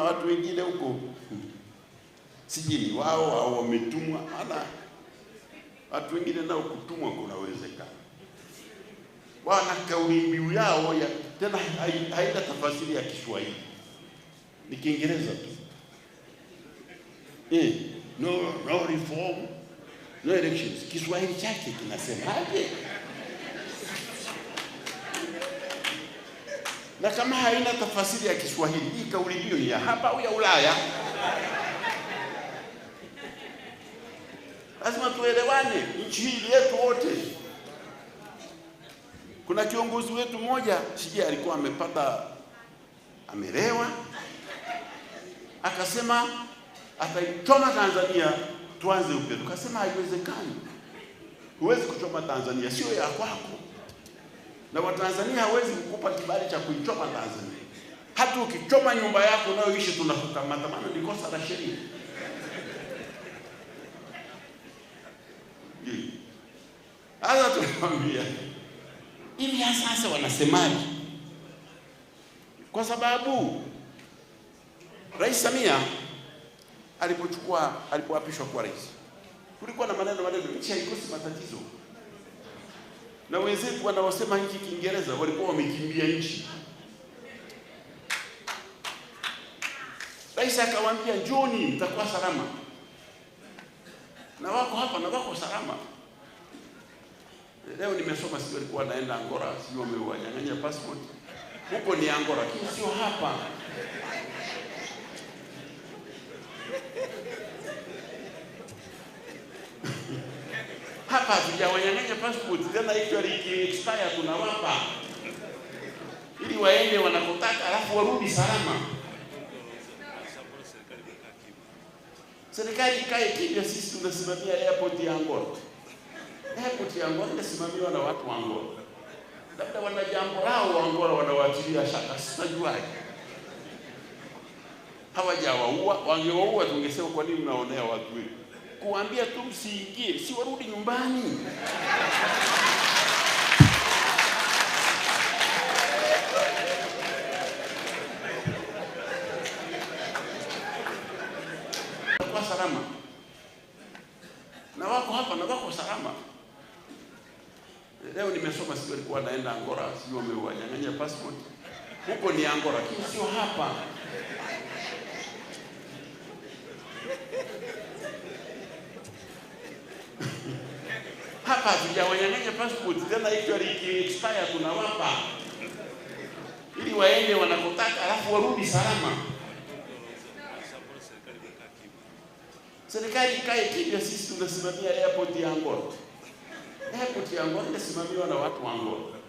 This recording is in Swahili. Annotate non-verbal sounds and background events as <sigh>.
kuna watu wengine huko <laughs> sijini wao au wametumwa, maana watu wengine nao kutumwa kunawezekana. Wana kauli mbiu yao ya tena haina tafasiri ya Kiswahili, ni Kiingereza tu eh, no, no reform no elections. Kiswahili chake kinasemaje? na kama haina tafasiri ya Kiswahili, hii kauli hiyo ya hapa au ya Ulaya lazima tuelewane. Nchi hii yetu wote. Kuna kiongozi wetu mmoja, sijui alikuwa amepata amelewa, akasema ataichoma Tanzania tuanze upya. Tukasema haiwezekani, huwezi kuchoma Tanzania, sio ya kwako na Watanzania hawezi kukupa kibali cha kuichoma Tanzania. Hata ukichoma nyumba yako unayoishi tunakukamata, maana ni kosa la sheria. Sasa tunamwambia hivi, sasa wanasemaje? Kwa sababu Rais Samia alipochukua alipoapishwa kuwa rais, kulikuwa na maneno maneno, nchi haikosi matatizo na wenzetu wanaosema hiki Kiingereza walikuwa wamekimbia nchi. Rais akawaambia njoni, mtakuwa salama, na wako hapa na wako salama. Leo nimesoma, sio alikuwa anaenda Angola, sio wamewanyang'anya passport. Huko ni Angola, lakini sio hapa hapa hatujawanyang'anya passport tena, hiyo ikiexpire tunawapa ili waende wanakotaka, alafu warudi salama. Serikali ikae kimya, sisi tunasimamia airport ya Angola. Airport ya Angola inasimamiwa na watu wa Angola, labda wana jambo lao wa Angola wanawaachilia shaka, sinajuaje hawajawaua. Wangewaua tungesema kwa nini mnaonea watu wetu? kuambia tu msiingie, si warudi nyumbani? kwa salama na wako hapa na wako salama. Leo nimesoma, sio alikuwa naenda Angola, sio wamewanyang'anya passport huko, ni Angola lakini sio hapa. hapa hatujawanyang'anya passport tena, actually ikiexpire tunawapa ili waende wanapotaka, alafu warudi salama. Serikali ikae kimya, sisi tunasimamia airport ya Angola. Airport ya Angola inasimamiwa na watu wa Angola.